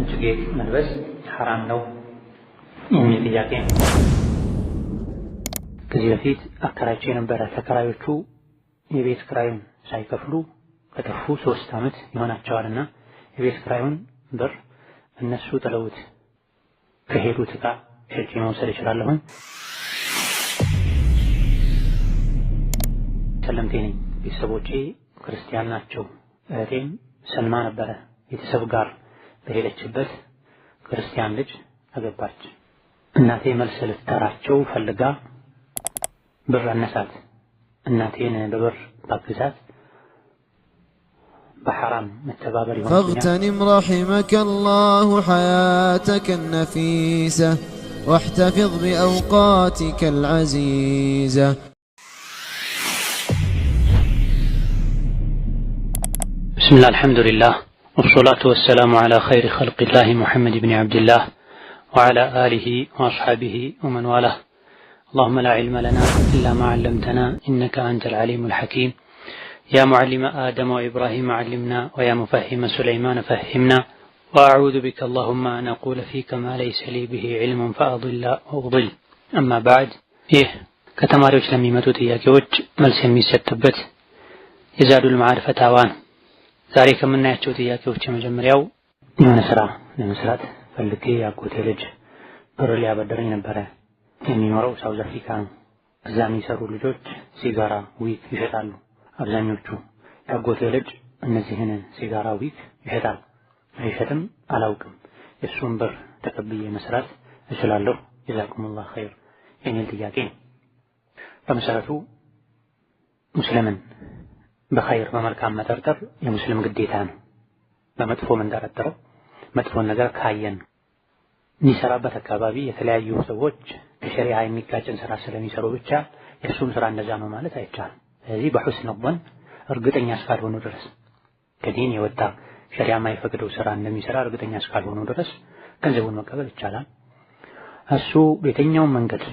እጅ መልበስ ሐራም ነው የሚል ጥያቄ ነው። ከዚህ በፊት አከራቸው የነበረ ተከራዮቹ የቤት ክራዩን ሳይከፍሉ ከጠፉ ሶስት ዓመት ይሆናቸዋልና የቤት ክራዩን ብር እነሱ ጥለውት ከሄዱት ዕቃ ሄጄ መውሰድ እችላለሁኝ? ሰለምቴ ነኝ። ቤተሰቦቼ ክርስቲያን ናቸው። እህቴም ሰልማ ነበረ ቤተሰብ ጋር በሄደችበት ክርስቲያን ልጅ አገባች። እናቴ መልስ ልትጠራቸው ፈልጋ ብር አነሳት። እናቴን በብር ባግዛት بحرام التبابر فاغتنم رحمك الله حياتك النفيسة واحتفظ بأوقاتك العزيزة بسم الله الحمد لله والصلاة والسلام على خير خلق الله محمد بن عبد الله وعلى آله وأصحابه ومن والاه اللهم لا علم لنا إلا ما علمتنا إنك أنت العليم الحكيم يا معلم آدم وإبراهيم علمنا ويا مفهم سليمان فهمنا وأعوذ بك اللهم أن أقول فيك ما ليس لي به علم فأضل وأضل أما بعد ይህ إيه، ከተማሪዎች ለሚመጡ وج መልስ የሚሰጥበት التبت يزاد ፈታዋ ነው ዛሬ ከምናያቸው ጥያቄዎች የመጀመሪያው የሆነ ስራ ለመስራት ፈልጌ የአጎቴ ልጅ ብር ሊያበደረኝ ነበረ። የሚኖረው ሳውዝ አፍሪካ ነው። እዛ የሚሰሩ ልጆች ሲጋራ፣ ዊክ ይሸጣሉ። አብዛኞቹ የአጎቴ ልጅ እነዚህን ሲጋራ፣ ዊክ ይሸጣል። አይሸጥም አላውቅም። የእሱን ብር ተቀብዬ መስራት እችላለሁ? ጀዛኩሙላህ ኸይር የሚል ጥያቄ ነው። በመሰረቱ ሙስሊምን በኸይር በመልካም መጠርጠር የሙስሊም ግዴታ ነው። በመጥፎ የምንጠረጥረው መጥፎን ነገር ካየን የሚሰራበት አካባቢ የተለያዩ ሰዎች ከሸሪዓ የሚጋጭን ስራ ስለሚሰሩ ብቻ የእሱም ስራ እንደዛ ነው ማለት አይቻልም። ስለዚህ በሑስን ወን እርግጠኛ እስካልሆኑ ድረስ ከዲን የወጣ ሸሪዓ የማይፈቅደው ስራ እንደሚሰራ እርግጠኛ እስካልሆኑ ድረስ ገንዘቡን መቀበል ይቻላል። እሱ በየትኛውም መንገድ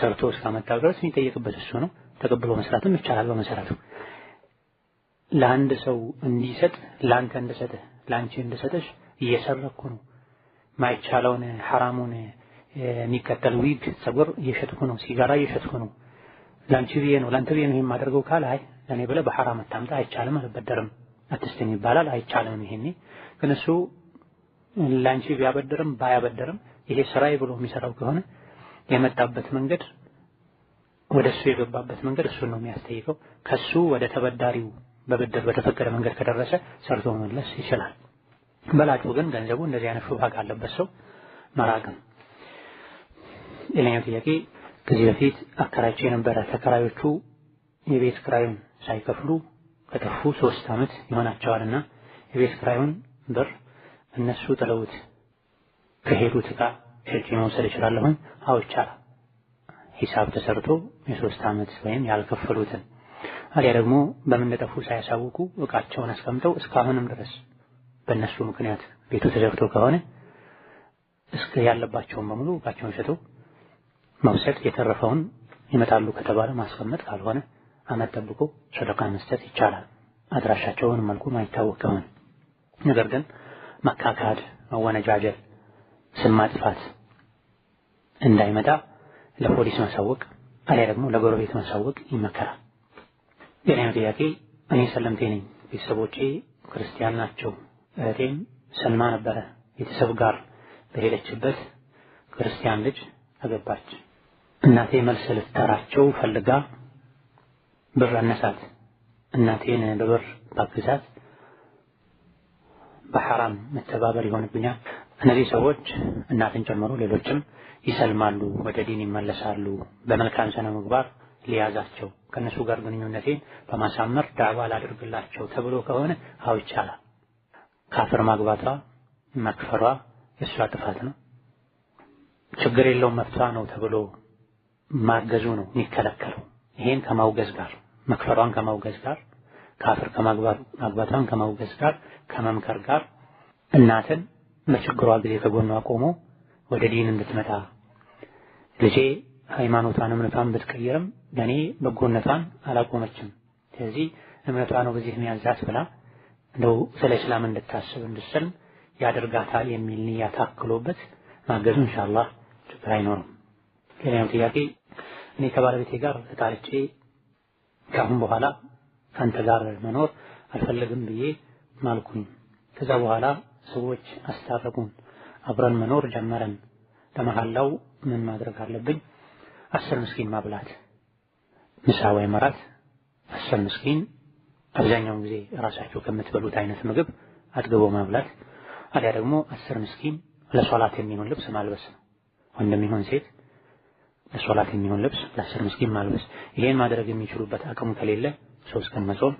ሰርቶ እስካመጣው ድረስ የሚጠየቅበት እሱ ነው። ተቀብሎ መስራትም ይቻላል በመሰረቱ ለአንድ ሰው እንዲሰጥ ለአንተ እንድሰጥህ ለአንቺ እንድሰጥሽ እየሰረኩ ነው። ማይቻለውን ሐራሙን የሚከተል ዊግ፣ ጸጉር እየሸጥኩ ነው። ሲጋራ እየሸጥኩ ነው። ለአንቺ ብዬ ነው ለአንተ ብዬ ነው ይሄን ካለ አይ ለእኔ ብለህ በሐራም አታምጣ፣ አይቻልም፣ አልበደርም፣ አትስጠኝ ይባላል። አይቻልም። ይሄኔ ግን እሱ ለአንቺ ቢያበደርም ባያበደርም ይሄ ስራዬ ብሎ የሚሰራው ከሆነ የመጣበት መንገድ ወደ እሱ የገባበት መንገድ እሱን ነው የሚያስጠይቀው ከሱ ወደ ተበዳሪው በብድር በተፈቀደ መንገድ ከደረሰ ሰርቶ መመለስ ይችላል። በላጩ ግን ገንዘቡ እንደዚህ አይነት ሹብሃ ካለበት ሰው መራቅም። ሌላኛው ጥያቄ ከዚህ በፊት አከራይቼ የነበረ ተከራዮቹ የቤት ክራዩን ሳይከፍሉ ከጠፉ ሶስት ዓመት ይሆናቸዋልና የቤት ክራዩን ብር እነሱ ጥለውት ከሄዱት ዕቃ ሸጬ መውሰድ እችላለሁ? አዎ ይቻላል። ሂሳብ ተሰርቶ የሶስት ዓመት ወይም ያልከፈሉትን አሊያ ደግሞ በምን እንደጠፉ ሳያሳውቁ እቃቸውን አስቀምጠው እስካሁንም ድረስ በእነሱ ምክንያት ቤቱ ተዘግቶ ከሆነ እስከ ያለባቸውን በሙሉ እቃቸውን ሸጠው መውሰድ የተረፈውን ይመጣሉ ከተባለ ማስቀመጥ፣ ካልሆነ አመት ጠብቆ ሰደቃ መስጠት ይቻላል። አድራሻቸውን መልኩ ማይታወቅ ከሆነ ነገር ግን መካካድ፣ መወነጃጀል፣ ስም ማጥፋት እንዳይመጣ ለፖሊስ ማሳወቅ አሊያ ደግሞ ለጎረቤት ማሳወቅ ይመከራል። የኔም ጥያቄ እኔ ሰለምቴ ነኝ። ቤተሰቦቼ ክርስቲያን ናቸው። እህቴም ሰልማ ነበረ ቤተሰብ ጋር በሄደችበት ክርስቲያን ልጅ አገባች። እናቴ መልስ ልትጠራቸው ፈልጋ ብር አነሳት። እናቴን በብር ባግዛት በሐራም መተባበር ይሆንብኛል። እነዚህ ሰዎች እናትን ጨምሮ ሌሎችም ይሰልማሉ፣ ወደ ዲን ይመለሳሉ፣ በመልካም ስነ ምግባር ሊያዛቸው ከነሱ ጋር ግንኙነቴን በማሳመር ዳዕዋ ላድርግላቸው ተብሎ ከሆነ አው ይቻላል። ካፍር ማግባቷ መክፈሯ የእሷ ጥፋት ነው። ችግር የለውም መፍቷ ነው ተብሎ ማገዙ ነው የሚከለከለው። ይሄን ከማውገዝ ጋር መክፈሯን ከማውገዝ ጋር ካፍር ማግባቷን ከማውገዝ ጋር ከመምከር ጋር እናትን በችግሯ ጊዜ ከጎኗ ቆሞ ወደ ዲን እንድትመጣ ልጄ ሃይማኖቷን እምነቷን ብትቀየርም ለእኔ በጎነቷን አላቆመችም። ስለዚህ እምነቷ ነው በዚህ የሚያዛት ብላ እንደው ስለ እስላም እንድታስብ እንድትሰልም ያደርጋታል የሚል ንያ ታክሎበት ማገዙ ኢንሻአላህ ችግር አይኖርም። ሌላኛው ጥያቄ እኔ ከባለቤቴ ጋር ተጣልቼ ከአሁን በኋላ ከአንተ ጋር መኖር አልፈለግም ብዬ ማልኩኝ። ከዛ በኋላ ሰዎች አስታረቁን፣ አብረን መኖር ጀመረን። ለመሐላው ምን ማድረግ አለብኝ? አስር ምስኪን ማብላት ምሳ ወይም እራት አስር ምስኪን አብዛኛውን ጊዜ ራሳቸው ከምትበሉት አይነት ምግብ አጥግቦ ማብላት አሊያ ደግሞ አስር ምስኪን ለሶላት የሚሆን ልብስ ማልበስ ነው። ወንድም ይሁን ሴት ለሶላት የሚሆን ልብስ ለአስር ምስኪን ማልበስ። ይሄን ማድረግ የሚችሉበት አቅሙ ከሌለ ሶስት ቀን መጾም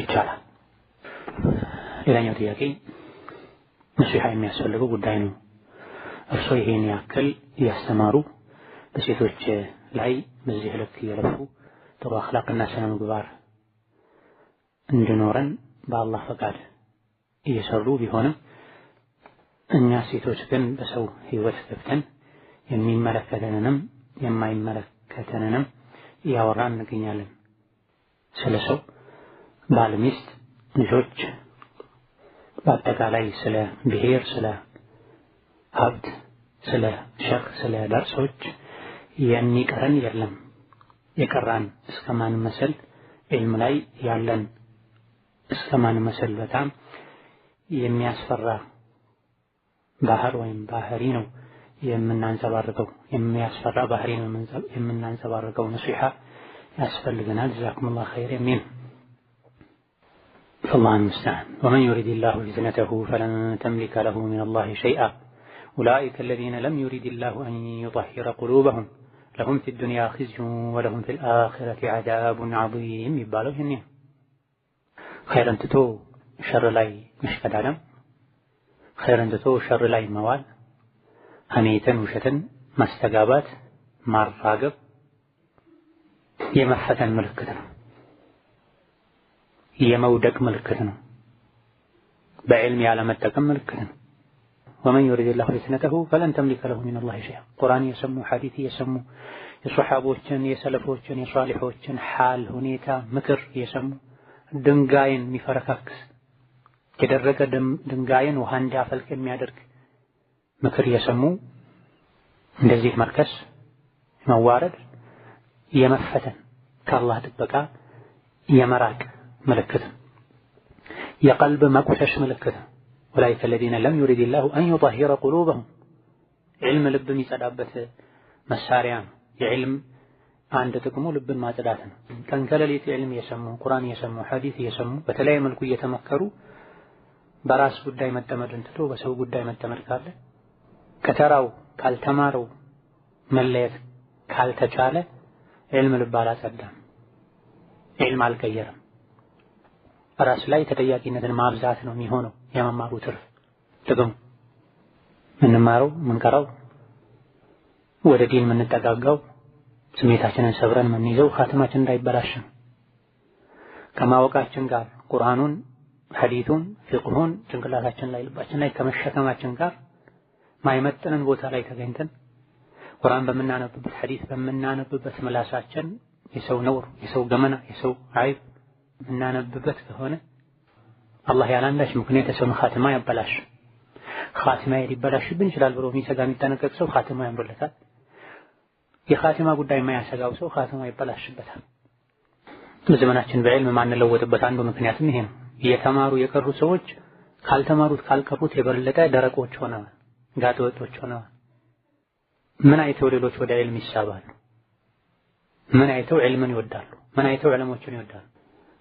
ይቻላል። ሌላኛው ጥያቄ ነሲሃ የሚያስፈልገው ጉዳይ ነው። እርሶ ይሄን ያክል እያስተማሩ በሴቶች ላይ በዚህ ልክ እየለፉ ጥሩ አኽላቅና ስነ ምግባር እንዲኖረን በአላህ ፈቃድ እየሰሩ ቢሆንም እኛ ሴቶች ግን በሰው ህይወት ገብተን የሚመለከተንንም የማይመለከተንንም እያወራን እንገኛለን። ስለ ሰው፣ ባል፣ ሚስት፣ ልጆች፣ በአጠቃላይ ስለ ብሔር፣ ስለ ሀብት፣ ስለ ሸክ፣ ስለ ደርሶች የሚቀረን የለም የቀራን እስከማን መሰል ዒልም ላይ ያለን እስከማን መሰል በጣም የሚያስፈራ ባህር ወይም ባህሪ ነው የምናንጸባርቀው የሚያስፈራ ባህሪ ነው የምናንጸባርቀው ነሲሓ ያስፈልገናል ጀዛኩሙላህ ኸይር የሚል فالله المستعان ومن يريد الله فتنته فلن تملك له من الله شيئا أولئك الذين لم يريد الله أن يطهر قلوبهم ለሁም ፊ ዱንያ ኺዝዩን ወለሁም ፊል አኺረቲ ዐዛቡን ዐዚም የሚባለው ይህን ኸይርን ትቶ ሸር ላይ መሽቀዳደም፣ ኸይርን ትቶ ሸር ላይ መዋል፣ ሐሜትን፣ ውሸትን ማስተጋባት፣ ማራገብ የመፈተን ምልክት ነው። የመውደቅ ምልክት ነው። በዕልም ያለመጠቀም ምልክት ነው። ومن يريد الله فتنته فلن تملك له من الله شيئا قران يسمو حديث يسمو يصحابوه جن يسلفوه جن يصالحوه جن حال هنيتا مكر يسمو دنگاين مفركاكس كدرك دنگاين وهان جافل ميادرك مكر يسمو نزيه مركز موارد يمفتن كالله تبقى يمراك ملكته يقلب مكوشش ملكته ወላይከ ለዚነ ለም ዩሪድ ላሁ አን ዩጠሂረ ቁሉበሁም ዕልም ልብ የሚጸዳበት መሳሪያ ነው። የዕልም አንድ ጥቅሙ ልብን ማጽዳት ነው። ቀን ከሌሊት ዕልም እየሰሙ ቁርአን እየሰሙ ሐዲስ እየሰሙ በተለያየ መልኩ እየተመከሩ በራስ ጉዳይ መጠመድን ትቶ በሰው ጉዳይ መጠመድ ካለ ከተራው ካልተማረው መለየት ካልተቻለ ዕልም ልብ አላጸዳም፣ ዕልም አልቀየረም። ራስ ላይ ተጠያቂነትን ማብዛት ነው የሚሆነው። የመማሩ ትርፍ ጥቅሙ ምንማረው ምንቀራው ወደ ዲን የምንጠጋጋው ስሜታችንን ሰብረን የምንይዘው ኻትማችን እንዳይበላሽም ከማወቃችን ጋር ቁርአኑን፣ ሐዲቱን፣ ፍቅሁን ጭንቅላታችን ላይ ልባችን ላይ ከመሸከማችን ጋር ማይመጥንን ቦታ ላይ ተገኝተን ቁርአን በምናነብበት ሐዲስ በምናነብበት ምላሳችን የሰው ነውር፣ የሰው ገመና፣ የሰው አይብ የምናነብበት ከሆነ አላህ ያላንዳች ምክንያት የሰውን ኻትማ ያበላሽ ኻትማ ሊበላሽብን ይችላል ብሎ የሚሰጋ የሚጠነቀቅ ሰው ኻትማ ያምርለታል። የኻትማ ጉዳይ የማያሰጋው ሰው ኻትማ ይበላሽበታል። በዘመናችን በዕልም ማንለወጥበት አንዱ ምክንያትም ይሄ ነው። የተማሩ የቀሩ ሰዎች ካልተማሩት ካልቀሩት የበለጠ ደረቆች ሆነዋል፣ ጋጠወጦች ሆነዋል። ምን አይተው ሌሎች ወደ ዕልም ይሳባሉ? ምን አይተው ዕልምን ይወዳሉ? ምን አይተው ዕለሞችን ይወዳሉ?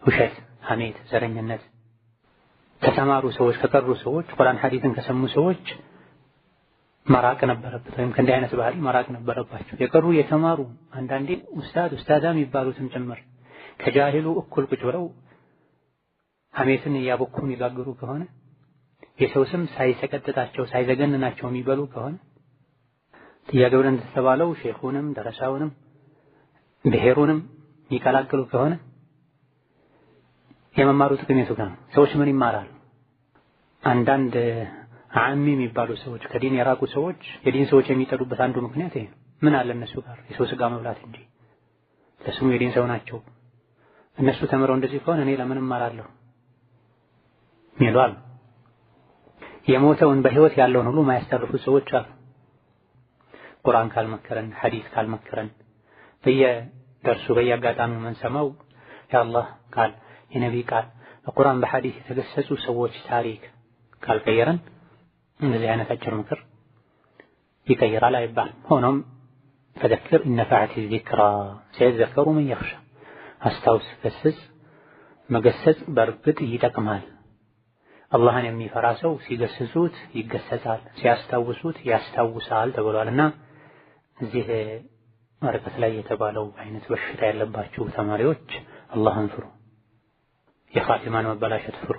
ውሸት፣ ሐሜት፣ ዘረኝነት ከተማሩ ሰዎች ከቀሩ ሰዎች ቁርአን ሐዲትን ከሰሙ ሰዎች መራቅ ነበረበት፣ ወይም ከእንዲህ አይነት ባህሪ መራቅ ነበረባቸው። የቀሩ የተማሩ አንዳንዴ ኡስታድ ኡስታዳ የሚባሉትም ጭምር ከጃሂሉ እኩል ቁጭ ብለው ሐሜትን እያቦኩ የሚጋግሩ ከሆነ የሰው ስም ሳይሰቀጥጣቸው ሳይዘገንናቸው የሚበሉ ከሆነ ጥያቄ ብለን እንደተባለው ሼኹንም ደረሳውንም ብሔሩንም የሚቀላቅሉ ከሆነ የመማሩ ጥቅም የቱ ጋር ሰዎች ምን ይማራሉ? አንዳንድ አሚ የሚባሉ ሰዎች ከዲን የራቁ ሰዎች የዲን ሰዎች የሚጠሉበት አንዱ ምክንያት ይሄ ነው ምን አለ እነሱ ጋር የሰው ስጋ መብላት እንጂ ለስሙ የዲን ሰው ናቸው። እነሱ ተምረው እንደዚህ ከሆነ እኔ ለምን እማራለሁ? ይሏል። የሞተውን በህይወት ያለውን ሁሉ ማያስተርፉ ሰዎች አሉ። ቁርአን ካልመከረን ሐዲስ ካልመከረን በየደርሱ በየአጋጣሚው የምንሰማው የአላህ ቃል የነቢይ ቃል በቁርአን በሐዲስ የተገሰጹ ሰዎች ታሪክ ካልቀየረን እንደዚህ አይነት አጭር ምክር ይቀይራል አይባል። ሆኖም ፈዘክር እነፈዓት ዚክራ ሲያዘከሩ ምን የኽሻ አስታውስ፣ ገስጽ። መገሰጽ በእርግጥ ይጠቅማል። አላህን የሚፈራ ሰው ሲገስጹት ይገሰጻል፣ ሲያስታውሱት ያስታውሳል ተብሏልና እዚህ ወረቀት ላይ የተባለው አይነት በሽታ ያለባችሁ ተማሪዎች አላህን ፍሩ። የፋጢማን መበላሸት ፍሩ።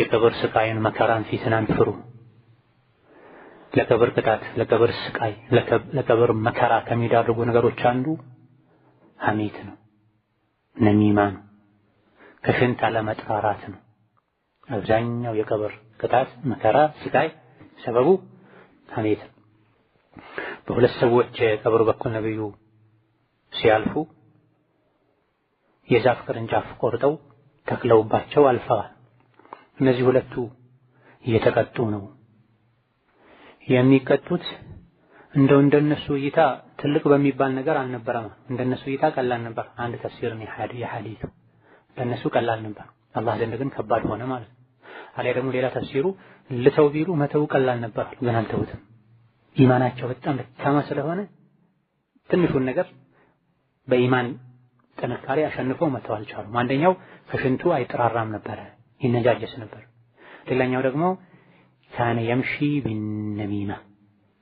የቀብር ስቃይን፣ መከራን፣ ፊትናን ፍሩ። ለቀብር ቅጣት፣ ለቀብር ስቃይ፣ ለቀብር መከራ ከሚዳርጉ ነገሮች አንዱ ሐሜት ነው፣ ነሚማ ነው፣ ከሽንት አለመጥራራት ነው። አብዛኛው የቀብር ቅጣት፣ መከራ፣ ስቃይ ሰበቡ ሐሜት ነው። በሁለት ሰዎች የቀብር በኩል ነብዩ ሲያልፉ የዛፍ ቅርንጫፍ ቆርጠው ተክለውባቸው አልፈዋል። እነዚህ ሁለቱ እየተቀጡ ነው። የሚቀጡት እንደው እንደነሱ እይታ ትልቅ በሚባል ነገር አልነበረም። እንደነሱ እይታ ቀላል ነበር። አንድ ተፍሲር ነው የሐዲሱ እንደነሱ ቀላል ነበር። አላህ ዘንድ ግን ከባድ ሆነ ማለት ነው። አሊያ ደግሞ ሌላ ተፍሲሩ ልተው ቢሉ መተው ቀላል ነበር፣ ግን አልተውትም። ኢማናቸው በጣም ደካማ ስለሆነ ትንሹን ነገር በኢማን ጥንካሬ አሸንፈው መተው አልቻሉም። አንደኛው ከሽንቱ አይጠራራም ነበረ፣ ይነጃጀስ ነበር። ሌላኛው ደግሞ ካነ የምሺ ቢነሚማ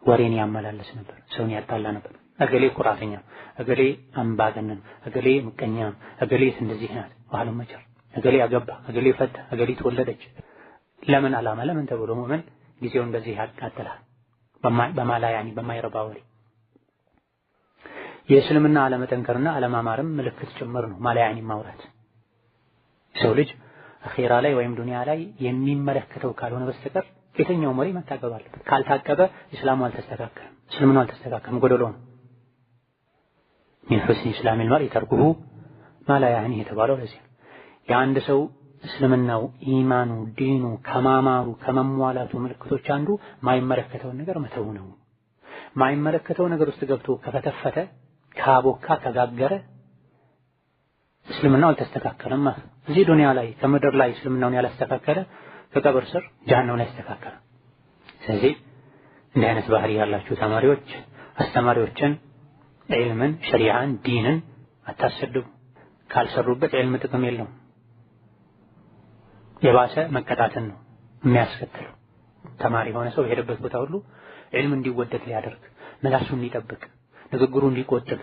ወሬን ያመላለስ ነበር፣ ሰውን ያጣላ ነበር። እገሌ ኩራተኛ፣ እገሌ አምባገነን፣ እገሌ ምቀኛ፣ እገሌት እንደዚህ ናት፣ ባህሉን መጨር እገሌ አገባ፣ እገሌ ፈታ፣ እገሌ ተወለደች። ለምን አላማ ለምን ተብሎ ሙእምን ጊዜውን በዚህ ያቃጥላል በማላ ያኒ በማይረባ ወሬ የእስልምና አለመጠንከርና አለማማርም ምልክት ጭምር ነው። ማላያኒ ማውራት ሰው ልጅ አኺራ ላይ ወይም ዱንያ ላይ የሚመለከተው ካልሆነ በስተቀር የትኛው መሪ መታቀብ አለበት። ካልታቀበ እስላሙ አልተስተካከለም፣ እስልምና አልተስተካከለም፣ ጎደሎ ነው። ሚን ሁስኒ ኢስላሚል መርኢ ተርኩሁ ማለያኒ የተባለው ለዚህ የአንድ ሰው እስልምናው ኢማኑ ዲኑ ከማማሩ ከመሟላቱ ምልክቶች አንዱ ማይመለከተውን ነገር መተው ነው። ማይመለከተው ነገር ውስጥ ገብቶ ከፈተፈተ ካቦካ ከጋገረ እስልምናው አልተስተካከለም ማለት እዚህ ዱንያ ላይ ከምድር ላይ እስልምናውን ያላስተካከለ ከቀብር ስር ጀሃነም ላይ ስለዚህ እንዲህ አይነት ባህሪ ያላችሁ ተማሪዎች አስተማሪዎችን፣ ዒልምን፣ ሸሪዓን፣ ዲንን አታሰድቡ። ካልሰሩበት ዒልም ጥቅም የለውም። የባሰ መቀጣትን ነው የሚያስከትለው። ተማሪ የሆነ ሰው በሄደበት ቦታ ሁሉ ዒልም እንዲወደድ ሊያደርግ ምላሱን ሊጠብቅ ንግግሩ እንዲቆጥብ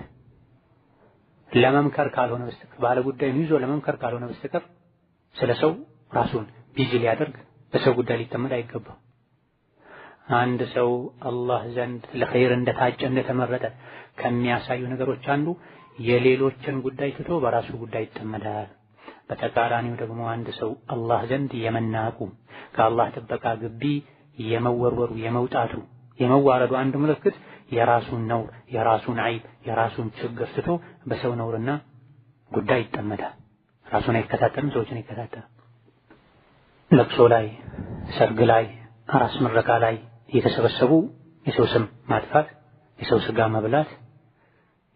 ለመምከር ካልሆነ በስተቀር ባለ ጉዳይን ይዞ ለመምከር ካልሆነ በስተቀር ስለ ሰው ራሱን ቢዚ ሊያደርግ በሰው ጉዳይ ሊጠመድ አይገባም። አንድ ሰው አላህ ዘንድ ለኸይር እንደታጨ እንደተመረጠ ከሚያሳዩ ነገሮች አንዱ የሌሎችን ጉዳይ ትቶ በራሱ ጉዳይ ይጠመዳል። በተቃራኒው ደግሞ አንድ ሰው አላህ ዘንድ የመናቁ ከአላህ ጥበቃ ግቢ የመወርወሩ የመውጣቱ የመዋረዱ አንዱ ምልክት የራሱን ነውር፣ የራሱን አይብ፣ የራሱን ችግር ትቶ በሰው ነውርና ጉዳይ ይጠመዳል። ራሱን አይከታተልም፣ ሰዎችን አይከታተልም። ለቅሶ ላይ፣ ሰርግ ላይ፣ አራስ ምረቃ ላይ እየተሰበሰቡ የሰው ስም ማጥፋት፣ የሰው ስጋ መብላት፣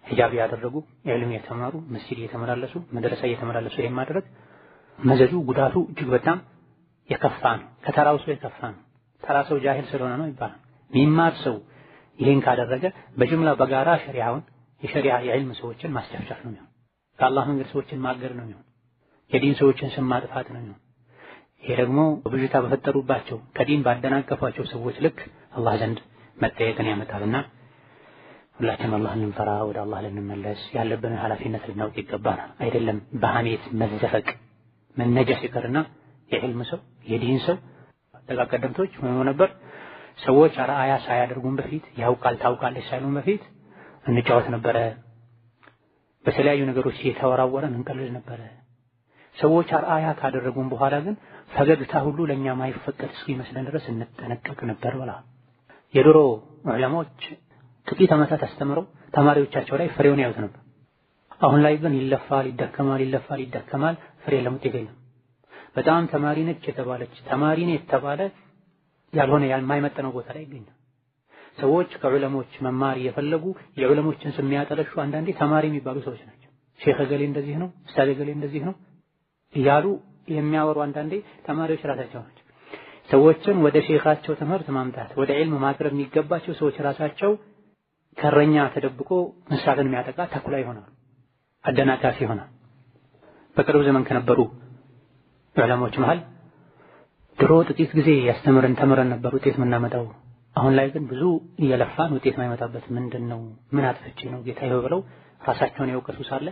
ሂጃብ ያደረጉ ዕልም የተማሩ መስጂድ እየተመላለሱ መድረሳ እየተመላለሱ ይሄን ማድረግ መዘዙ ጉዳቱ እጅግ በጣም የከፋ ነው። ከተራው ሰው የከፋ ነው። ተራ ሰው ጃሂል ስለሆነ ነው ይባላል። ሚማር ሰው ይሄን ካደረገ በጅምላ በጋራ ሸሪዓውን የሸሪዓ የዕልም ሰዎችን ማስጨፍጨፍ ነው የሚሆን። ከአላህ መንገድ ሰዎችን ማገድ ነው የሚሆን። የዲን ሰዎችን ስም ማጥፋት ነው የሚሆን። ይሄ ደግሞ ብዥታ በፈጠሩባቸው ከዲን ባደናቀፏቸው ሰዎች ልክ አላህ ዘንድ መጠየቅን ያመጣልና ሁላችንም አላህን ልንፈራ ወደ አላህ ልንመለስ ያለብንን ኃላፊነት ልናውቅ ይገባናል። አይደለም በሐሜት መዘፈቅ መነጃ ሲቀርና የዕልም ሰው የዲን ሰው ደጋ ቀደምቶች ነበር ሰዎች አርአያ ሳያደርጉን በፊት ያውቃል ታውቃለች ሳይሉን በፊት እንጫወት ነበረ። በተለያዩ ነገሮች እየተወራወረን እንቀልድ ነበረ። ሰዎች አርአያ ካደረጉን በኋላ ግን ፈገግታ ሁሉ ለእኛ ማይፈቀድ እስኪመስለን ድረስ እንጠነቀቅ ነበር ብላ የድሮ ዑለማዎች ጥቂት ዓመታት አስተምረው ተማሪዎቻቸው ላይ ፍሬውን ያዩት ነበር። አሁን ላይ ግን ይለፋል፣ ይደከማል፣ ይለፋል፣ ይደከማል ፍሬ ለውጤት የለም። በጣም ተማሪ ነች የተባለች ተማሪ ነው የተባለ ያልሆነ የማይመጥነው ቦታ ላይ ይገኛል። ሰዎች ከዑለሞች መማር እየፈለጉ የዑለሞችን ስም የሚያጠለሹ አንዳንዴ ተማሪ የሚባሉ ሰዎች ናቸው። ሼህ ገሌ እንደዚህ ነው፣ ኡስታዝ ገሌ እንደዚህ ነው እያሉ የሚያወሩ አንዳንዴ ተማሪዎች ራሳቸው ናቸው። ሰዎችን ወደ ሼኻቸው ትምህርት ማምጣት ወደ ዒልም ማቅረብ የሚገባቸው ሰዎች ራሳቸው ከረኛ ተደብቆ እንስሳትን የሚያጠቃ ተኩላ ይሆናል፣ አደናቃፊ ይሆናል። በቅርብ ዘመን ከነበሩ ዑለሞች መሃል ድሮ ጥቂት ጊዜ ያስተምረን ተምረን ነበር ውጤት የምናመጣው። አሁን ላይ ግን ብዙ እየለፋን ውጤት የማይመጣበት ምንድን ነው? ምን አጥፍቼ ነው ጌታ ይኸው ብለው ራሳቸውን የወቀሱ ሳለ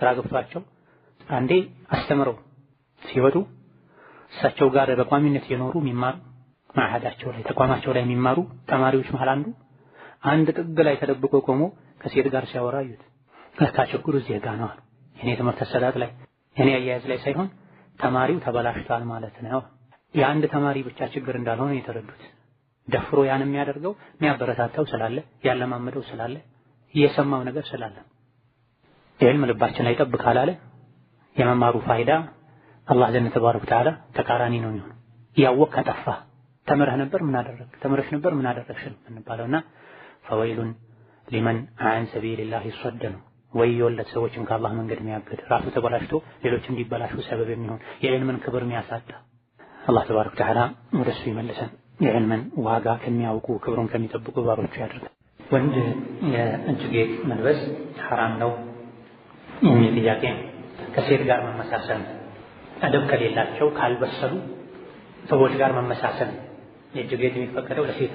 ግራ ገብቷቸው አንዴ አስተምረው ሲወጡ እሳቸው ጋር በቋሚነት የኖሩ የሚማሩ ማዕዳቸው ላይ ተቋማቸው ላይ የሚማሩ ተማሪዎች መሃል አንዱ አንድ ጥግ ላይ ተደብቆ ቆሞ ከሴት ጋር ሲያወራ አዩት። ለካ ችግሩ እዚህ ጋ ነው አሉ። ትምህርት አሰጣጥ ላይ የኔ አያያዝ ላይ ሳይሆን ተማሪው ተበላሽቷል ማለት ነው። የአንድ ተማሪ ብቻ ችግር እንዳልሆነ የተረዱት ደፍሮ ያን የሚያደርገው የሚያበረታታው ስላለ ያለማመደው ስላለ የሰማው ነገር ስላለ የዕልም ልባችን ላይ ጠብ ካላለ የመማሩ ፋይዳ አላህ ዘንድ ተባረከ ተዓላ ተቃራኒ ነው የሚሆነው። ያወቅ ከጠፋ ተምረህ ነበር ምን አደረግ ተምረሽ ነበር ምን አደረግሽ እንባለውና ፈወይሉን ሊመን አን ሰቢልላህ ይሰደ ነው ወዮለት ሰዎችን ከአላህ መንገድ የሚያገድ ራሱ ተበላሽቶ ሌሎች እንዲበላሹ ሰበብ የሚሆን የዕልምን ክብር የሚያሳጣ አላህ ተባረክ ወተዓላ ወደ እሱ ይመልሰን። የዕልምን ዋጋ ከሚያውቁ ክብሩን ከሚጠብቁ ባሮቹ ያደርገን። ወንድ የእጅ ጌጥ መልበስ ሐራም ነው የሚል ጥያቄ ከሴት ጋር መመሳሰል አደብ ከሌላቸው ካልበሰሉ ሰዎች ጋር መመሳሰል የእጅ ጌጥ የሚፈቀደው ለሴት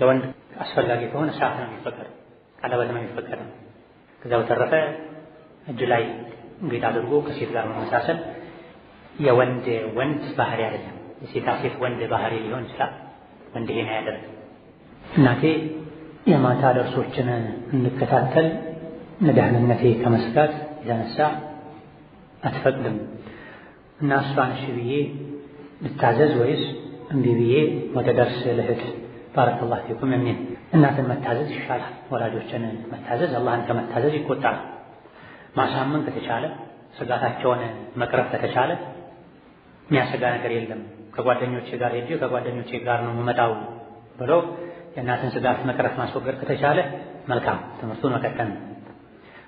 ለወንድ አስፈላጊ ከሆነ ሰዓት ነው የሚፈቀደው፣ ቀለበት ነው የሚፈቀደው። ከዛ በተረፈ እጅ ላይ ጌጥ አድርጎ ከሴት ጋር መመሳሰል የወንድ ወንድ ባህሪ አይደለም። የሴታ ወንድ ባህሪ ሊሆን ይችላል። ወንድ ይሄን ያደርግ እናቴ የማታ ደርሶችን እንከታተል ለደህንነቴ ከመስጋት የተነሳ አትፈቅድም እና እሷን እሺ ብዬ ልታዘዝ ወይስ እምቢ ብዬ ወደ ደርስ ልሂድ? ባረከላሁ ፊኩም የሚል እናትን መታዘዝ ይሻላል። ወላጆችን መታዘዝ አላህን ከመታዘዝ ይቆጠራል። ማሳመን ከተቻለ ስጋታቸውን መቅረፍ ከተቻለ የሚያሰጋ ነገር የለም። ከጓደኞቼ ጋር ሄጄ ከጓደኞቼ ጋር ነው የምመጣው ብሎ የእናትን ስጋት መቅረፍ ማስወገድ ከተቻለ መልካም ትምህርቱን መቀጠል ነው።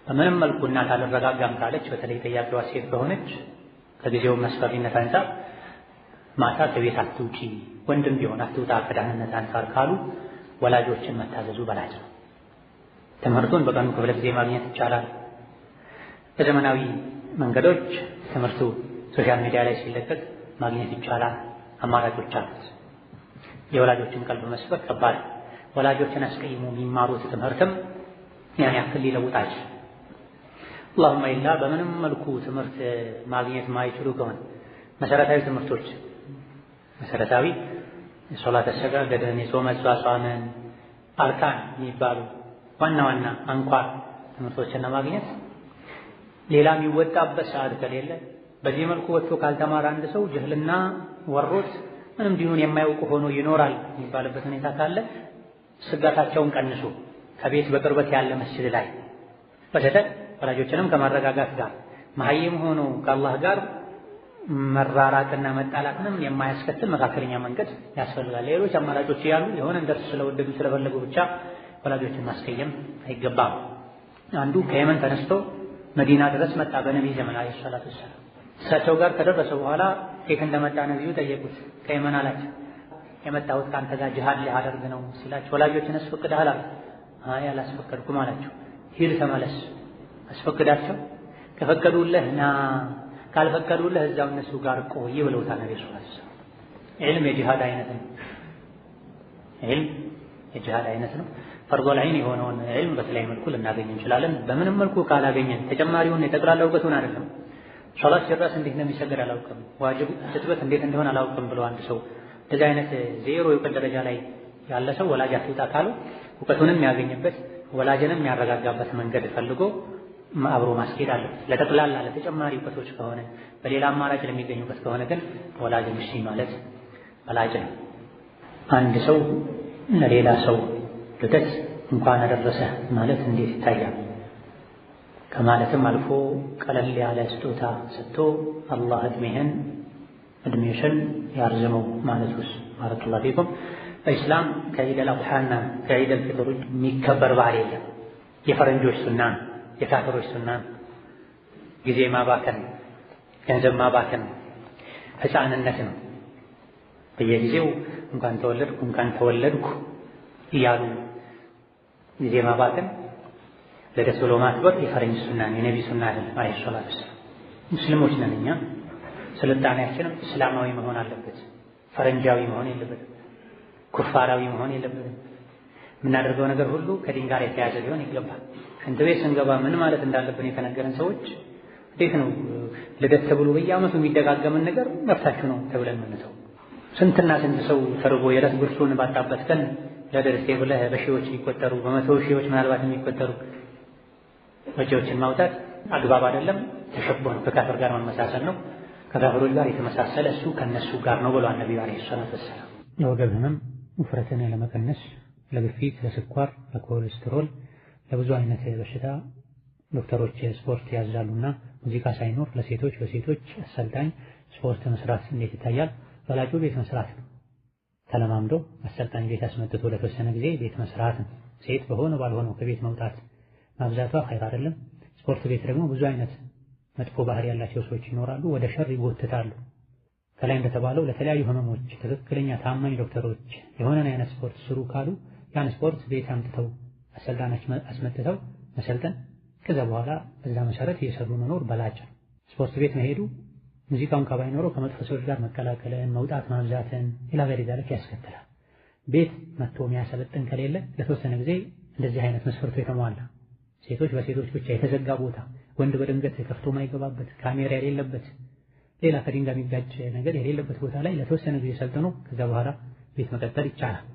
በምንም መልኩ እናት አልረጋጋም ካለች በተለይ ጠያቂዋ ሴት ከሆነች ከጊዜው መስፈሪነት አንጻር ማታ ከቤት አትውጪ፣ ወንድም ቢሆን አትውጣ ከደህንነት አንጻር ካሉ ወላጆችን መታዘዙ በላጭ ነው። ትምህርቱን በቀኑ ክፍለ ጊዜ ማግኘት ይቻላል። በዘመናዊ መንገዶች ትምህርቱ ሶሻል ሚዲያ ላይ ሲለቀቅ ማግኘት ይቻላል። አማራጮች አሉት። የወላጆችን ቀልብ መስበር ከባድ ወላጆችን አስቀይሞ የሚማሩት ትምህርትም ያን ያክል ሊለውጣች አላሁማ ኢላ በምንም መልኩ ትምህርት ማግኘት ማይችሉ ከሆነ መሰረታዊ ትምህርቶች መሰረታዊ የሶላት አሰጋገድን፣ የጾም አጽዋምን፣ አርካን የሚባሉ ዋና ዋና አንኳር ትምህርቶችን ለማግኘት ሌላ የሚወጣበት ሰዓት ከሌለ በዚህ መልኩ ወጥቶ ካልተማረ አንድ ሰው ጅህልና ወሮት ምንም ቢሆን የማያውቅ ሆኖ ይኖራል የሚባልበት ሁኔታ ካለ ስጋታቸውን ቀንሱ። ከቤት በቅርበት ያለ መስጂድ ላይ በስህተት ወላጆችንም ከማረጋጋት ጋር መሀይም ሆኖ ከአላህ ጋር መራራቅና ምንም የማያስከትል መካከለኛ መንገድ ያስፈልጋል። ሌሎች አማራጮች ያሉ የሆነ ደርስ ስለወደዱ ስለፈለጉ ብቻ ወላጆችን ማስቀየም አይገባም። አንዱ ከየመን ተነስቶ መዲና ድረስ መጣ በነቢይ ዘመን አለይሂ ሰላቱ ወሰላም እሳቸው ጋር ከደረሰ በኋላ ከየት እንደመጣ ነቢዩ ጠየቁት። ከየመን አላቸው። የመጣሁት ከአንተ ጋር ጅሃድ ሊያደርግ ነው ሲላቸው ወላጆችን አስፈቅደሃል አሉ። አይ አላስፈቀድኩም አላቸው። ሂድ ተመለስ። አስፈቅዳቸው ከፈቀዱልህ ና፣ ካልፈቀዱልህ እዛው እነሱ ጋር ቆይ ብለውታል ነቢ ስ ዕልም የጅሃድ አይነት ነው። ዕልም የጅሃድ አይነት ነው። ፈርዶል ዐይን የሆነውን ዕልም በተለያየ መልኩ ልናገኝ እንችላለን። በምንም መልኩ ካላገኘን ተጨማሪውን የጠቅላላ እውቀቱን አይደለም ሶላት ጭራስ እንዴት እንደሚሰገድ አላውቅም፣ ዋጅብ ስትበት እንዴት እንደሆነ አላውቅም ብሎ አንድ ሰው እንደዚህ አይነት ዜሮ የእውቀት ደረጃ ላይ ያለ ሰው ወላጅ አትውጣ ካሉ እውቀቱንም ያገኝበት ወላጅንም ያረጋጋበት መንገድ ፈልጎ አብሮ ማስኬድ አለ ለጠቅላላ ለተጨማሪ እውቀቶች ከሆነ በሌላ አማራጭ ለሚገኙበት ከሆነ ግን ወላጅ እሺ ማለት ወላጅ ነው። አንድ ሰው ለሌላ ሰው ልደት እንኳን አደረሰ ማለት እንዴት ይታያል? ከማለትም አልፎ ቀለል ያለ ስጦታ ሰጥቶ አላህ እድሜህን እድሜሽን ያርዝመው ማለት ውስጥ ባረከላሁ ፊኩም። በኢስላም ከዒድ አልአድሓና ከዒድ አልፊጥር የሚከበር በዓል የለም። የፈረንጆች ሱና ነው፣ የካፍሮች ሱና ነው። ጊዜ ማባከን፣ ገንዘብ ማባከን፣ ሕፃንነት ነው። በየጊዜው እንኳን ተወለድኩ እንኳን ተወለድኩ እያሉ ጊዜ ማባከን ልደት ብሎ ማክበር የፈረንጅ ሱና ነው፣ የነቢ ሱና አይደለም። አለይሂ ሙስሊሞች ነን እኛ። ስልጣኔያችንም እስላማዊ መሆን አለበት፣ ፈረንጃዊ መሆን የለበትም፣ ኩፋራዊ መሆን የለበትም። የምናደርገው ነገር ሁሉ ከዲን ጋር የተያዘ ሊሆን ይገባል። ሽንት ቤት ስንገባ ምን ማለት እንዳለብን የተነገረን ሰዎች እንዴት ነው ልደት ተብሎ በየአመቱ የሚደጋገምን ነገር መብታችሁ ነው ተብለን የምንተው? ስንትና ስንት ሰው ተርቦ የዕለት ጉርሱን ባጣበት ቀን ለደርሴ ብለህ በሺዎች የሚቆጠሩ በመቶ ሺዎች ምናልባት የሚቆጠሩ መጪዎችን ማውጣት አግባብ አይደለም። ተሸበህ ከካፍር ጋር መመሳሰል ነው። ከካፍሮች ጋር የተመሳሰለ እሱ ከነሱ ጋር ነው ብሏል ነቢዩ ዓለይሂ ሰላቱ ወሰላም። የወገብ ህመም ውፍረትን ለመቀነስ ለግፊት፣ ለስኳር፣ ለኮሌስትሮል፣ ለብዙ አይነት በሽታ ዶክተሮች ስፖርት ያዛሉና ሙዚቃ ሳይኖር ለሴቶች በሴቶች አሰልጣኝ ስፖርት መስራት እንዴት ይታያል? በላጩ ቤት መስራት ነው። ተለማምዶ አሰልጣኝ ቤት አስመጥቶ ለተወሰነ ጊዜ ቤት መስራት ነው። ሴት በሆነ ባልሆነው ከቤት መውጣት ማብዛቷ ኸይር አይደለም። ስፖርት ቤት ደግሞ ብዙ አይነት መጥፎ ባህሪ ያላቸው ሰዎች ይኖራሉ፣ ወደ ሸር ይጎትታሉ። ከላይ እንደተባለው ለተለያዩ ህመሞች ትክክለኛ ታማኝ ዶክተሮች የሆነን አይነት ስፖርት ስሩ ካሉ ያን ስፖርት ቤት አምጥተው አሰልጣን አስመጥተው መሰልጠን፣ ከዛ በኋላ በዛ መሰረት እየሰሩ መኖር በላጭ ነው። ስፖርት ቤት መሄዱ ሙዚቃውን ከባይኖረው ከመጥፎ ሰዎች ጋር መቀላቀልን፣ መውጣት ማብዛትን ኢላ ገይሪ ያስከትላል። ቤት መጥቶ የሚያሰለጥን ከሌለ ለተወሰነ ጊዜ እንደዚህ አይነት መስፈርቱ የተሟላ ሴቶች በሴቶች ብቻ የተዘጋ ቦታ ወንድ በድንገት ከፍቶ ማይገባበት ካሜራ የሌለበት ሌላ ጋር የሚጋጭ ነገር የሌለበት ቦታ ላይ ለተወሰነ ጊዜ ሰልጥኖ ከዛ በኋላ ቤት መቀጠል ይቻላል።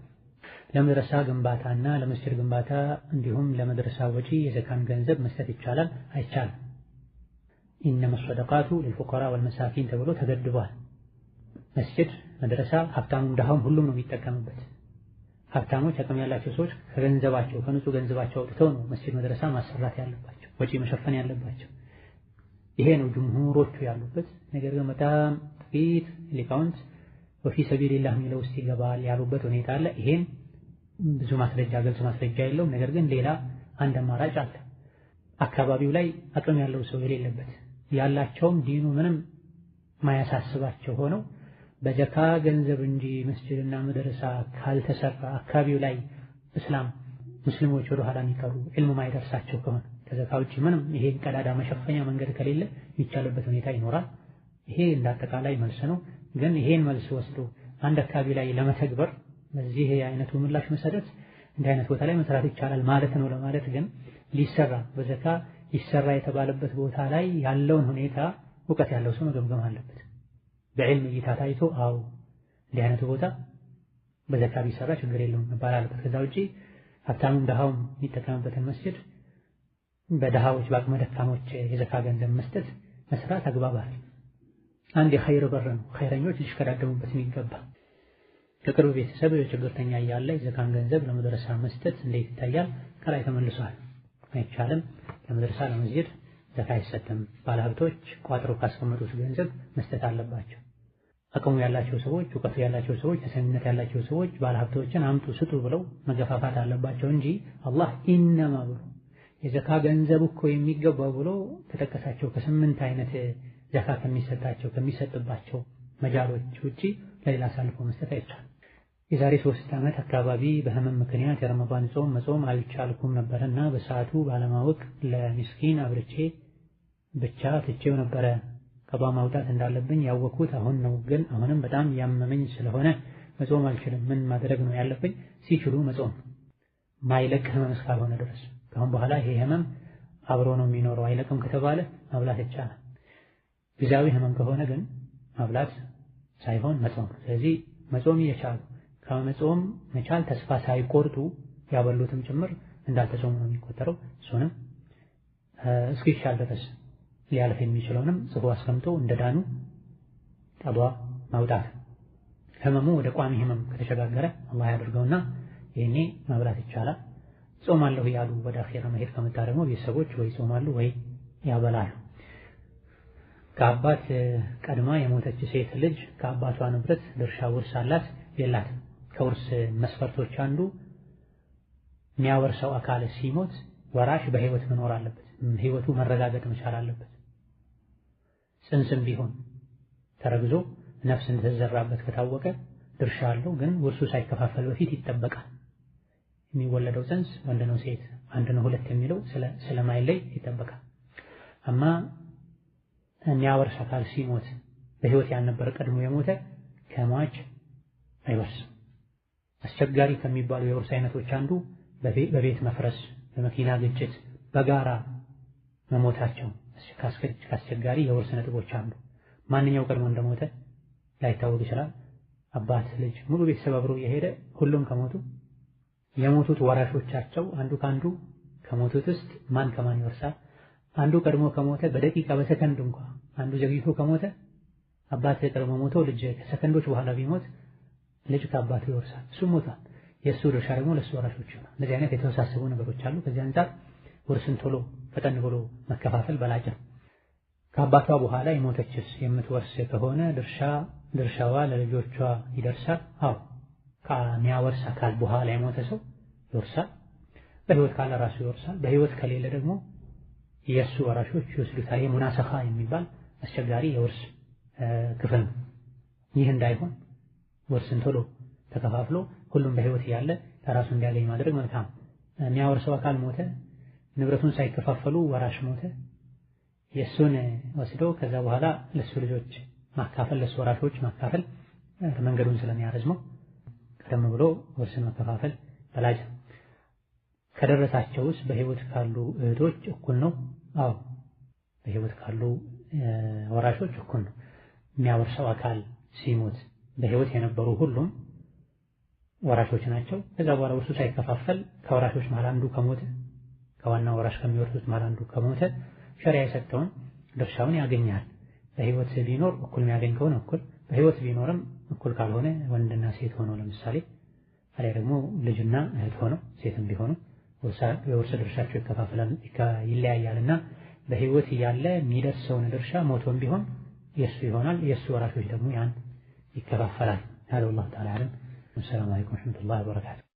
ለመድረሳ ግንባታና ለመስጅድ ግንባታ እንዲሁም ለመድረሳ ወጪ የዘካን ገንዘብ መስጠት ይቻላል አይቻልም? ኢነመ ሰደቃቱ ሊልፉቀራ ወልመሳኪን ተብሎ ተገድቧል። መስጅድ፣ መድረሳ ሀብታሙም ድሃውም ሁሉም ነው የሚጠቀምበት። ሀብታሞች አቅም ያላቸው ሰዎች ከገንዘባቸው ከንጹህ ገንዘባቸው አውጥተው ነው መስጂድ መድረሳ ማሰራት ያለባቸው፣ ወጪ መሸፈን ያለባቸው። ይሄ ነው ጅምሁሮቹ ያሉበት። ነገር ግን በጣም ጥቂት ሊቃውንት ወፊ ሰቢልላህ የሚለው ውስጥ ይገባል ያሉበት ሁኔታ አለ። ይሄም ብዙ ማስረጃ ገልጽ ማስረጃ የለውም። ነገር ግን ሌላ አንድ አማራጭ አለ። አካባቢው ላይ አቅም ያለው ሰው የሌለበት ያላቸውም ዲኑ ምንም ማያሳስባቸው ሆነው በዘካ ገንዘብ እንጂ መስጅድና መድረሳ ካልተሰራ አካባቢው ላይ እስላም ሙስሊሞች ወደ ኋላ የሚቀሩ ዕልሙ ማይደርሳቸው ከሆነ ከዘካ ውጭ ምንም ይሄን ቀዳዳ መሸፈኛ መንገድ ከሌለ የሚቻልበት ሁኔታ ይኖራል። ይሄ እንደ አጠቃላይ መልስ ነው። ግን ይሄን መልስ ወስዶ አንድ አካባቢ ላይ ለመተግበር በዚህ አይነቱ ምላሽ መሰረት እንዲህ አይነት ቦታ ላይ መስራት ይቻላል ማለት ነው ለማለት ግን ሊሰራ በዘካ ሊሰራ የተባለበት ቦታ ላይ ያለውን ሁኔታ እውቀት ያለው ሰው መገምገም አለበት። በዕልም እይታ ታይቶ አው እንዲህ አይነቱ ቦታ በዘካ ቢሰራ ችግር የለውም መባል አለበት። ከዛ ውጪ ሀብታሙም ድሃውም የሚጠቀምበትን መስጅድ በድሃዎች በአቅመ ደካሞች የዘካ ገንዘብ መስጠት መስራት አግባባል። አንድ የኸይር በር ነው፣ ኸይረኞች ሊሽከዳደሙበት የሚገባ ከቅርብ ቤተሰብ ችግርተኛ እያለ የዘካን ገንዘብ ለመድረሳ መስጠት እንዴት ይታያል? ከላይ ተመልሷል። አይቻልም። ለመድረሳ ለመስጅድ ዘካ አይሰጥም። ባለሀብቶች ቋጥሮ ካስቀመጡት ገንዘብ መስጠት አለባቸው። አቅሙ ያላቸው ሰዎች፣ እውቀቱ ያላቸው ሰዎች፣ ተሰሚነት ያላቸው ሰዎች ባለሀብቶችን አምጡ ስጡ ብለው መገፋፋት አለባቸው እንጂ አላህ ኢነማ ብሎ የዘካ ገንዘብ እኮ የሚገባው ብሎ ከጠቀሳቸው ከስምንት አይነት ዘካ ከሚሰጣቸው ከሚሰጥባቸው መጃሎች ውጪ ለሌላ አሳልፎ መስጠት አይቻልም። የዛሬ ሶስት ዓመት አካባቢ በህመም ምክንያት የረመዳን ጾም መጾም አልቻልኩም ነበርና በሰዓቱ ባለማወቅ ለሚስኪን አብርቼ ብቻ ትቼው ነበረ ከባ ማውጣት እንዳለብኝ ያወኩት አሁን ነው። ግን አሁንም በጣም ያመመኝ ስለሆነ መጾም አልችልም። ምን ማድረግ ነው ያለብኝ? ሲችሉ መጾም ማይለቅ ህመም እስካልሆነ ድረስ ከአሁን በኋላ ይሄ ህመም አብሮ ነው የሚኖረው አይለቅም ከተባለ መብላት ይቻላል። ጊዜያዊ ህመም ከሆነ ግን መብላት ሳይሆን መጾም። ስለዚህ መጾም እየቻሉ ከመጾም መቻል ተስፋ ሳይቆርጡ ያበሉትም ጭምር እንዳልተጾሙ ነው የሚቆጠረው። እሱንም እስኪሻል ድረስ ሊያልፍ የሚችለውንም ጽሁ አስቀምጦ እንደዳኑ ጠቧ ማውጣት ህመሙ ወደ ቋሚ ህመም ከተሸጋገረ አላህ ያደርገውና ይህኔ መብላት ይቻላል። ጾማለሁ ያሉ ወደ አኼራ መሄድ ከመጣ ደግሞ ቤተሰቦች ወይ ጾማሉ ወይ ያበላሉ። ከአባት ቀድማ የሞተች ሴት ልጅ ከአባቷ ንብረት ድርሻ ውርስ አላት የላት? ከውርስ መስፈርቶች አንዱ የሚያወርሰው አካል ሲሞት ወራሽ በህይወት መኖር አለበት። ህይወቱ መረጋገጥ መቻል አለበት። ጽንስም ቢሆን ተረግዞ ነፍስ እንደተዘራበት ከታወቀ ድርሻ አለው። ግን ውርሱ ሳይከፋፈል በፊት ይጠበቃል። የሚወለደው ጽንስ ወንድ ነው ሴት፣ አንድ ነው ሁለት የሚለው ስለማይለይ ይጠበቃል። አማ የሚያወርስ አካል ሲሞት በህይወት ያልነበረ ቀድሞ የሞተ ከሟች አይወርስም። አስቸጋሪ ከሚባሉ የውርስ አይነቶች አንዱ በቤት መፍረስ፣ በመኪና ግጭት፣ በጋራ መሞታቸው ከአስቸጋሪ የውርስ ነጥቦች አሉ። ማንኛው ቀድሞ እንደሞተ ላይታወቅ ይችላል። አባት፣ ልጅ፣ ሙሉ ቤተሰብ አብሮ የሄደ ሁሉም ከሞቱ የሞቱት ወራሾቻቸው አንዱ ከአንዱ ከሞቱት ውስጥ ማን ከማን ይወርሳል? አንዱ ቀድሞ ከሞተ በደቂቃ በሰከንድ እንኳ አንዱ ዘግይቶ ከሞተ አባት ቀድሞ ሞቶ ልጅ ከሰከንዶች በኋላ ቢሞት ልጅ ከአባቱ ይወርሳል። እሱም ሞቷል። የእሱ ድርሻ ደግሞ ለእሱ ወራሾች ይሆናል። እንደዚህ አይነት የተወሳሰቡ ነገሮች አሉ። ከዚህ አንጻር ውርስን ቶሎ ፈጠን ብሎ መከፋፈል በላጭ ነው። ከአባቷ በኋላ የሞተችስ የምትወርስ ከሆነ ድርሻ ድርሻዋ ለልጆቿ ይደርሳል። አዎ ከሚያወርስ አካል በኋላ የሞተ ሰው ይወርሳል። በህይወት ካለ ራሱ ይወርሳል። በህይወት ከሌለ ደግሞ የእሱ ወራሾች ይወስዱታል። ይሄ ሙናሰኻ የሚባል አስቸጋሪ የውርስ ክፍል ነው። ይህ እንዳይሆን ውርስን ቶሎ ተከፋፍሎ ሁሉም በህይወት እያለ ለራሱ እንዲያገኝ ማድረግ መልካም። የሚያወርሰው አካል ሞተ ንብረቱን ሳይከፋፈሉ ወራሽ ሞተ። የእሱን ወስደው ከዛ በኋላ ለሱ ልጆች ማካፈል ለሱ ወራሾች ማካፈል መንገዱን ስለሚያረዝመው ቀደም ብሎ ወርስን መከፋፈል በላጭ ከደረሳቸውስ በህይወት ካሉ እህቶች እኩል ነው? አዎ በህይወት ካሉ ወራሾች እኩል ነው። የሚያወርሰው አካል ሲሞት በህይወት የነበሩ ሁሉም ወራሾች ናቸው። ከዛ በኋላ ውርሱ ሳይከፋፈል ከወራሾች መሃል አንዱ ከሞተ ከዋናው ወራሽ ከሚወርዱት መሃል አንዱ ከሞተ ሸሪያ የሰጠውን ድርሻውን ያገኛል። በህይወት ቢኖር እኩል የሚያገኝ ከሆነ እኩል፣ በህይወት ቢኖርም እኩል ካልሆነ ወንድና ሴት ሆኖ ለምሳሌ አሊያ ደግሞ ልጅና እህት ሆኖ ሴትም ቢሆኑ የውርስ ድርሻቸው ይከፋፈላል ይለያያልና በህይወት እያለ የሚደርሰውን ድርሻ ሞቶም ቢሆን የእሱ ይሆናል። የእሱ ወራሾች ደግሞ ያን ይከፋፈላል። هذا والله تعالى أعلم والسلام عليكم ورحمة الله